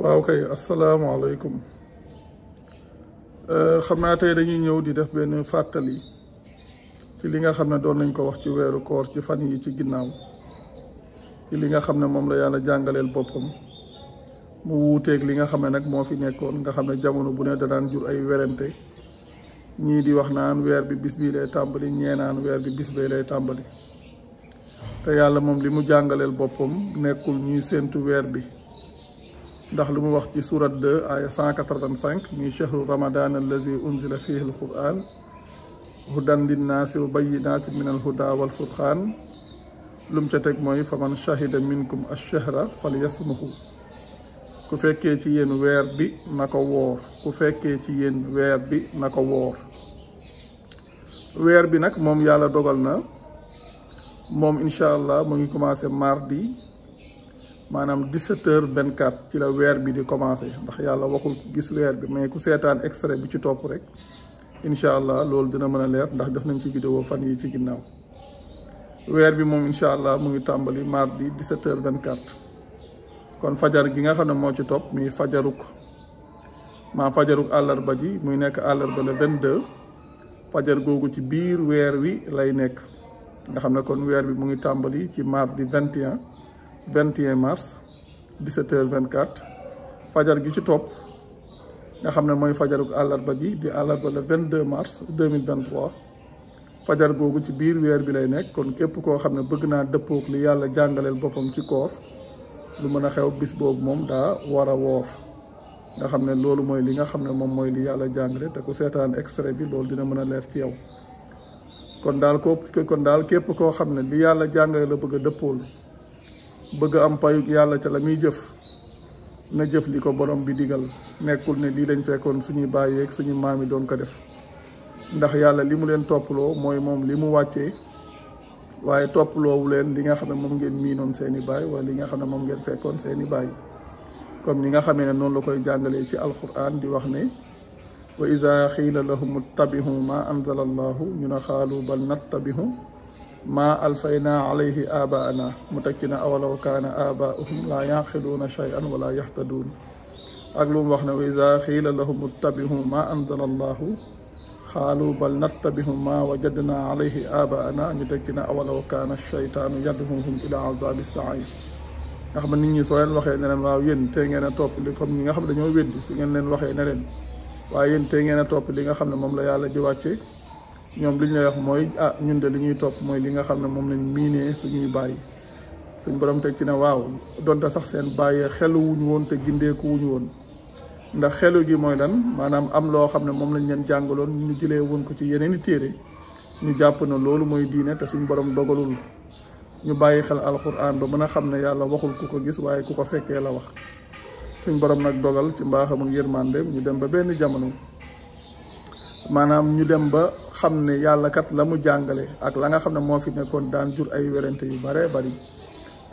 waaw kay asalaamaaleykum eh, xam naa tey dañuy ñëw di def benn fàttali ci li nga xam ne doon nañ ko wax ci weeru koor ci fan yi ci ginnaaw ci li nga xam ne moom la yàlla jàngaleel boppam mu wuuteeg li nga xam ne nag moo fi nekkoon nga xam ne jamono bu ne danaan jur ay werante ñii di wax naan weer bi bis bii lay tàmbali ñee weer bi bis bee lay tàmbali te yàlla moom li mu jàngaleel boppam nekkul ñuy séentu weer bi ndax lu mu wax ci sourate 2 aya 185 ni shahru ramadan allazi unzila fihi alquran hudan nas wa bayyinatin min alhuda furqan lum ca tek moy faman shahida minkum ash-shahra falyasmuhu ku fekke ci yéen weer bi nako wor ku fekke ci yéen weer bi nako wor woor bi nak mom yàlla dogal na mom inshallah mo ngi commencer mardi manam 17 h 24 ci la wèr bi di commencé ndax yalla waxul gis wèr bi mais ku sétane extrait bi ci top rek inshallah allah dina mëna lèr ndax def nañ ci vidéo fan yi ci ginnaw wèr bi mom inshallah mu ngi tambali mardi 17 h 24 kon fajar gi nga xam mo ci top mi fajaruk ma fajaruk àllarba ji muy nekk àllarba le 22 fajar gogu ci bir wèr wi lay nek nga xam kon wèr bi mu ngi tambali ci mardi 21 21 mars 17h24 fajar gi ci topp nga xamne moy fajaruk àllarba ji di àllarba le 22 mars 2023 fajar gogu ci bir wer bi lay nek kon kep ko xamne ne bëgg naa dëppoog li yalla jangalel bopam ci koor lu mën xew bis bob mom da wara a woor nga xamne lolu moy li nga xamne mom moy li yalla jangale te ko setan extrait bi lolu dina mën leer ci yow kon dal ko kon dal kep ko xamne li yalla jangale la bëgg deppol bëgg am payug yàlla ca la muy jëf na jëf li ko borom bi digal nekkul ne lii lañ fekkoon suñuy bàyyeeg suñu maam yi doon ko def ndax yàlla li mu leen toppaloo mooy moom li mu wàccee waaye toppaloowu leen li nga xam ne moom ngeen miinoon seeni i baay wala li nga xam ne moom ngeen fekkoon seeni i baay comme nga xamee ne noonu la koy jàngalee ci alquran di wax ne wa iza xiila lahum ittabihu ma anzala allahu ñu ne xaalu bal nattabihu ما ألفينا عليه آباءنا متكنا أولو كان آباؤهم لا يأخذون شيئا ولا يهتدون أقلون وحنا وإذا خيل لهم اتبعوا ما أنزل الله خالوا بل نتبه ما وجدنا عليه آباءنا متكنا أولو كان الشيطان يدهمهم إلى عذاب السعير أخبر نيني سوين وخير نرم راوين تنغينا توب لكم نيني أخبر نيني ويد سنين لين وخير نرم وين تنغينا توب لكم نمم ليالا جواتي ñom liñ lay wax moy ah ñun de liñuy top moy li nga xamne mom lañ miné suñuy bàyyi suñ borom tek ci ne waaw donte sax seen bàyyee xelu wuñ won te gindé gindeeku wuñ won ndax xelu gi moy lan manam am lo xamne mom lañ ñen jangalon ñu jilé won ko ci yeneeni téré ñu japp na loolu moy diiné te suñ borom dogalul ñu bàyyi xel alquran ba mëna xamne yalla waxul kuko gis waye kuko ko la wax suñ borom nak dogal ci mbaxam ak yërmandeem ñu dem ba benn jamono manam ñu dem ba xam ne yàlla kat la mu jàngale ak la nga xam ne moo fi nekkoon daan jur ay werante yu bare bari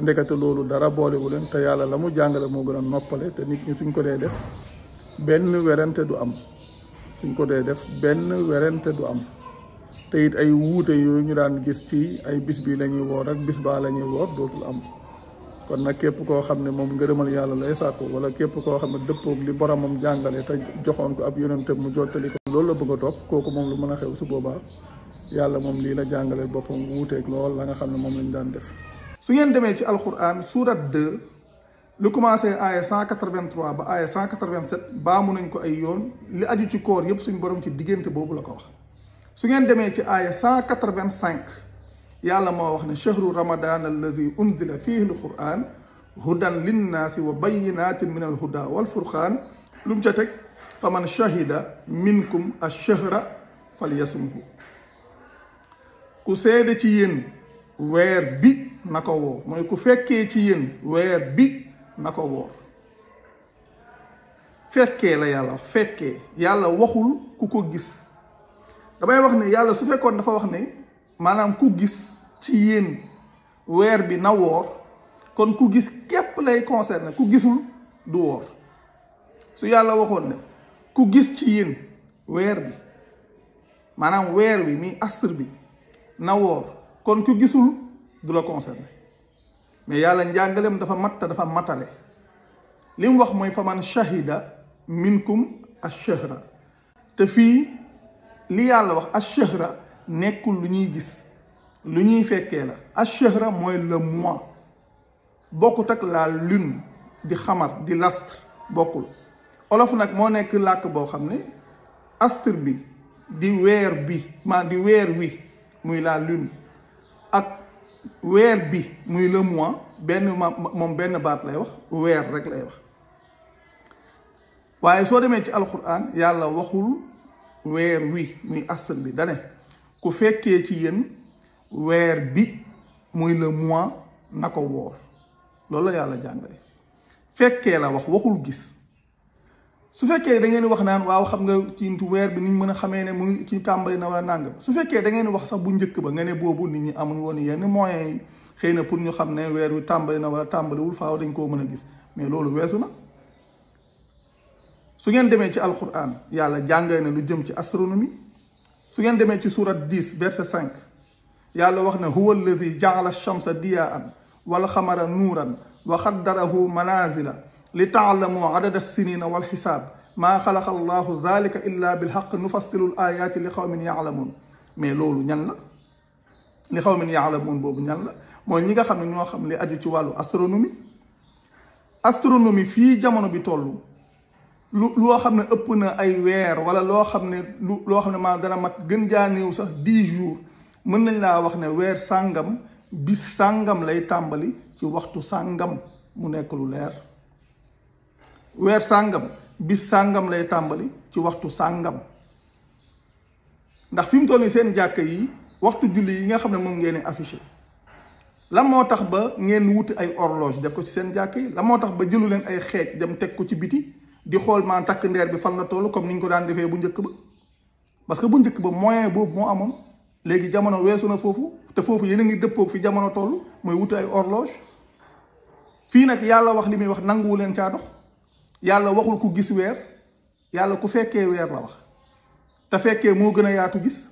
ndekete loolu dara boolewu leen te yàlla la mu jàngale moo gën a noppale te nit ñi suñ ko dee def benn werante du am suñ ko dee def benn werante du am te it ay wuute yooyu ñu daan gis ci ay bis bi la ñuy woor ak bis baa la ñuy woor dootul am kon nag képp koo xam ne moom ngërëmal yàlla lay sàkku wala képp koo xam ne dëppoog li boromam jàngale te joxoon ko ab yonente mu jottali ko loolu la bëgg a topp kooku moom lu mën a xew su boobaa yàlla moom lii la jàngale boppam wuuteeg lool la nga xam ne moom lañ daan def su ngeen demee ci al alquran sourate 2 lu commencé aaya 183 ba aaya 187 baamu nañ ko ay yoon li aju ci koor yépp suñ borom ci diggante boobu la ko wax su ngeen demee ci aaya 185 yàlla moo wax ne chahru ramadan allazi unzila fihi alquran hudan linnaasi wa bayinatin min alhuda walfurqaan lu mu ca teg fa man shahida minkum achahra falyasumhu ku seede ci yéen weer bi na ko woor mooy ku fekkee ci yéen weer bi na ko woor fekkee la yàlla fekkee yàlla waxul ku ko gis damay wax ne yàlla su fekkoon dafa wax ne maanaam ku gis ci yéen weer bi na woor kon ku gis képp lay concerné ku gisul du woor su yàlla waxoon ne ku gis ci yéen weer bi maanaam weer bi mi astre bi na woor kon ku gisul du la concerné mais yàlla njàngaleem dafa matta dafa matale li mu wax mooy faman shahida minkum ash-shahra te fii li yàlla wax ash-shahra nekkul lu ñuy gis lu ñuy fekkee la ash-shahra mooy le mois bokkut ak la lune di xamar di lastre bokkul olof nag moo nekk làkk boo xam ne astre bi di weer bi ma di weer wi muy la lune ak weer bi muy le mois benn moom benn baat lay wax weer rek lay wax waaye soo demee ci alquran yàlla waxul weer wi muy astre bi dane ku fekkee ci yéen weer bi muy le mois na ko woor loolu la yàlla jàngale fekkee la wax waxul gis su fekkee da ngeen wax naan waaw xam nga ciintu weer bi ni ñu mën a xamee ne mu ci tàmbali na wala nàngam su fekkee dangeen ngeen wax sax bu njëkk ba nga ne boobu nit ñi amul woon yenn moyens yi xëy na pour ñu xam ne weer wi tàmbali na wala tàmbaliwul faaw dañ koo mën a gis mais loolu weesu na su ngeen demee ci alquran yàlla jàngale na lu jëm ci astronomie su ngeen demee ci surat 10 verset 5 يالله وحنا هو الذي جعل الشمس ضياء والخمر نورا وخدره منازل لتعلموا عدد السنين والحساب ما خلق الله ذلك الا بالحق نفصل الايات لقوم يعلمون مي لولو نان لقوم يعلمون بوب نان موي نيغا خامي ньо خام لي ادي تي والو استرونومي استرونومي في جامونو بي تولو لو خامنا اوبنا اي وير ولا لو خامني لو خامني ما دا مات گن جانيو 10 jours mën nañ laa wax ne weer sàngam bis sàngam lay tàmbali ci waxtu sàngam mu nekk lu leer weer sàngam bis sàngam lay tàmbali ci waxtu sàngam ndax fi mu toll seen jàkka yi waxtu julli yi nga xam ne moom ngeen affiché lan moo tax ba ngeen wuti ay orloge def ko ci seen jàkka yi lan moo tax ba jëlu leen ay xeej dem teg ko ci biti di xool maa takk ndeer bi fan na toll comme ni ñu ko daan defee bu njëkk ba parce que bu njëkk ba moyen boobu moo amoon. léegi jamono weesu na foofu te foofu yéen a ngi dëppoo fi jamono toll mooy wuti ay horloge fii nag yàlla wax li muy wax nanguwu leen caa dox yàlla waxul ku gis weer yàlla ku fekkee weer la wax te fekkee moo gën a yaatu gis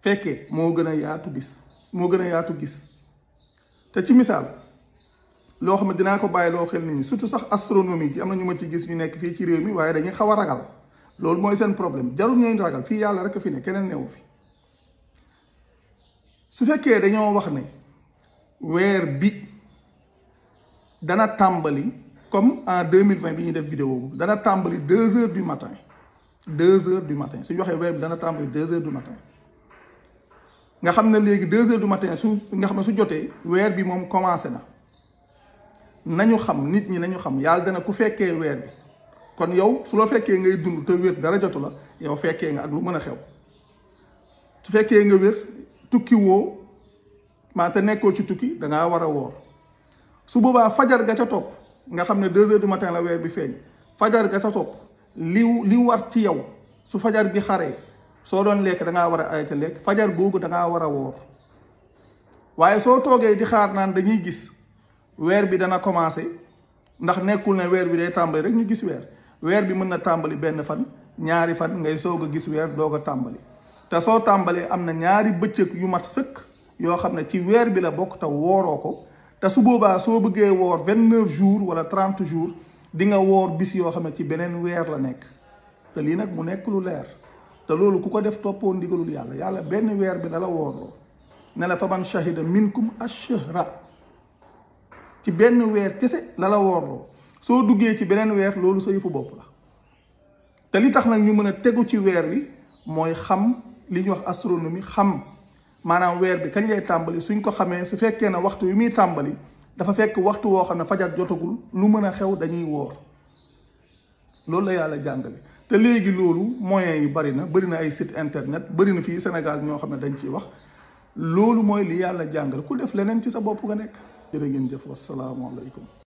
fekkee moo gën a yaatu gis moo gën a yaatu gis te ci misaal loo xam ne dinaa ko bàyyi loo xel nit ñi surtout sax astronomie ji am na ñu ma ci gis ñu nekk fii ci réew mi waaye dañuy xaw a ragal. C'est un problème jarul ngeen ragal rek fi ne keneen newu fi su fekke wax ne weer bi dana comme en 2020, de vidéo dana du matin 2h du matin su dana heures du matin nga sais que 2h du matin su nga xam su joté weer bi mom commencé nañu xam nit ñi xam dana kon yow su la fekkee ngay dund te wér dara jotu la yow fekkee nga ak lu mën a xew su fekkee nga wér tukki woo maa te nekkoo ci tukki da ngaa war a woor su boobaa fajar ga ca topp nga xam ne deux heures du matin la weer bi feeñ fajar ga ca topp li li war ci yow su fajar gi xaree soo doon lekk da ngaa war a arrêté lekk fajar googu da ngaa war a woor waaye soo toogee di xaar naan dañuy gis weer bi dana commencé ndax nekkul ne weer bi day tàmbali rek ñu gis weer. weer bi mën na tàmbali benn fan ñaari fan ngay soog a gis weer doo ko tàmbali te soo tàmbalee am na ñaari bëccëg yu mat sëkk yoo xam ne ci weer bi la bokk te wooroo ko te su boobaa soo bëggee woor vingt neuf jours wala trente jours di nga woor bis yoo xam ne ci beneen weer la nekk te lii nag mu nekk lu leer te loolu ku ko def toppoo ndigalul yàlla yàlla benn weer bi dala woorloo ne la fa man shahida minkum ashahra ci benn weer kese la la woorloo soo duggee ci beneen weer loolu sa yëfu bopp la te li tax nag ñu mën a tegu ci weer wi mooy xam li ñuy wax astronomie xam maanaam weer bi kañ lay tàmbali suñ ko xamee su fekkee ne waxtu wi muy tàmbali dafa fekk waxtu woo xam ne fajar jotagul lu mën a xew dañuy woor loolu la yàlla jàngale te léegi loolu moyens yi bari na bari na ay site internet bari na fii Sénégal ñoo xam ne dañ ciy wax loolu mooy li yàlla jàngale ku def leneen ci sa bopp nga nekk. jërë ngeen jëf wasalaamaaleykum.